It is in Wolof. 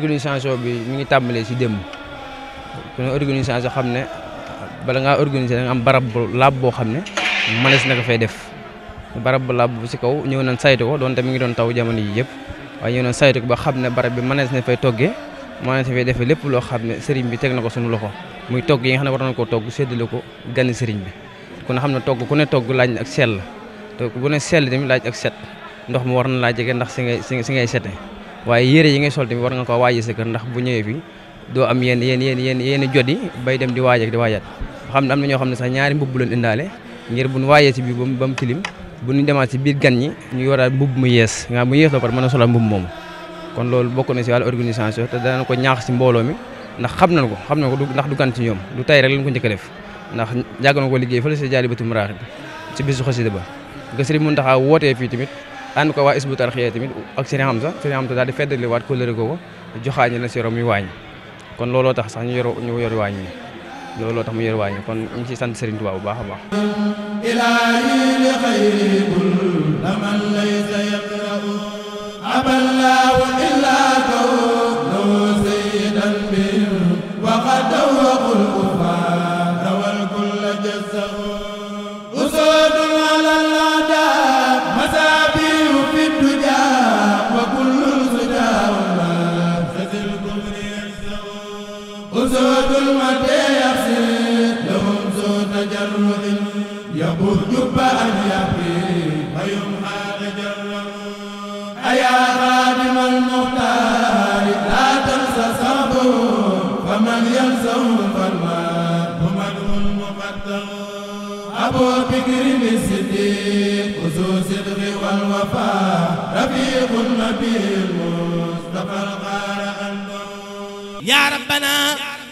organisation bi mi ngi tàmbalee ci démb ku ne organisation xam ne bala ngaa am barab bu laab boo xam ne mënees na ko fay def barab bu laab bu si kaw ñëw nañ saytu ko doonte mi ngi doon taw jamono yi yëpp waaye ñëw nañ saytu ko ba xam ne barab bi mënees na fay toggee mënees na fay defee lépp loo xam ne sëriñ bi teg na ko suñu loxo muy togg yi nga xam ne war nañ koo togg séddale ko gani sëriñ bi ku ne xam ne togg ku ne togg laaj na ak sell te bu ne sell tamit laaj ak set ndox mu war na laa jege ndax si ngay si ngay sete waaye yére yi ngay doo am yenn yenn yenn yenn yenn jot yi bay dem di waaj ak di waajaat xam ne am na ñoo xam ne sax ñaari mbubb lañ indaale ngir buñ waajee si biir ba mu ba biir gan ñi ñu yoraat mbubb mu yees nga mu yees la par mën a solal mbubb moomu kon loolu bokk na si wàllu organisation te danañ ko ñaax si mbooloo mi ndax xam nañ ko xam nañ ko ndax du gan ci ñoom du tay rek lañ ko njëkk a def ndax jàgg ko liggéey fële si Jaalibatul Maraaxib si bisu xasida ba nga Sëriñ Muntaxa wootee fii tamit ànd ko waa Hizbut Tarqiyyah tamit ak Sëriñ Hamza Sëriñ Hamza daal di feddali waat kóllëre googu joxaañi la si rom yu waañ kon looloo tax sax ñu yor ñu yor waañ ñi looloo tax mu yor waañ ñi kon ñu ci sant Serigne Touba baax a baax ilahi li khayri kul man laysa yaqra'u aballa زود المد يصير لهم زود تجرع يبوح جب أن يبكي ويمحى تجرع أيا خادم المختار لا تنسى صبره فمن ينسوه فالماء ومنه المقدر أبو بكر الصديق خصوص صدق والوفاء رفيق النبي المصطفى الغار أنه يا ربنا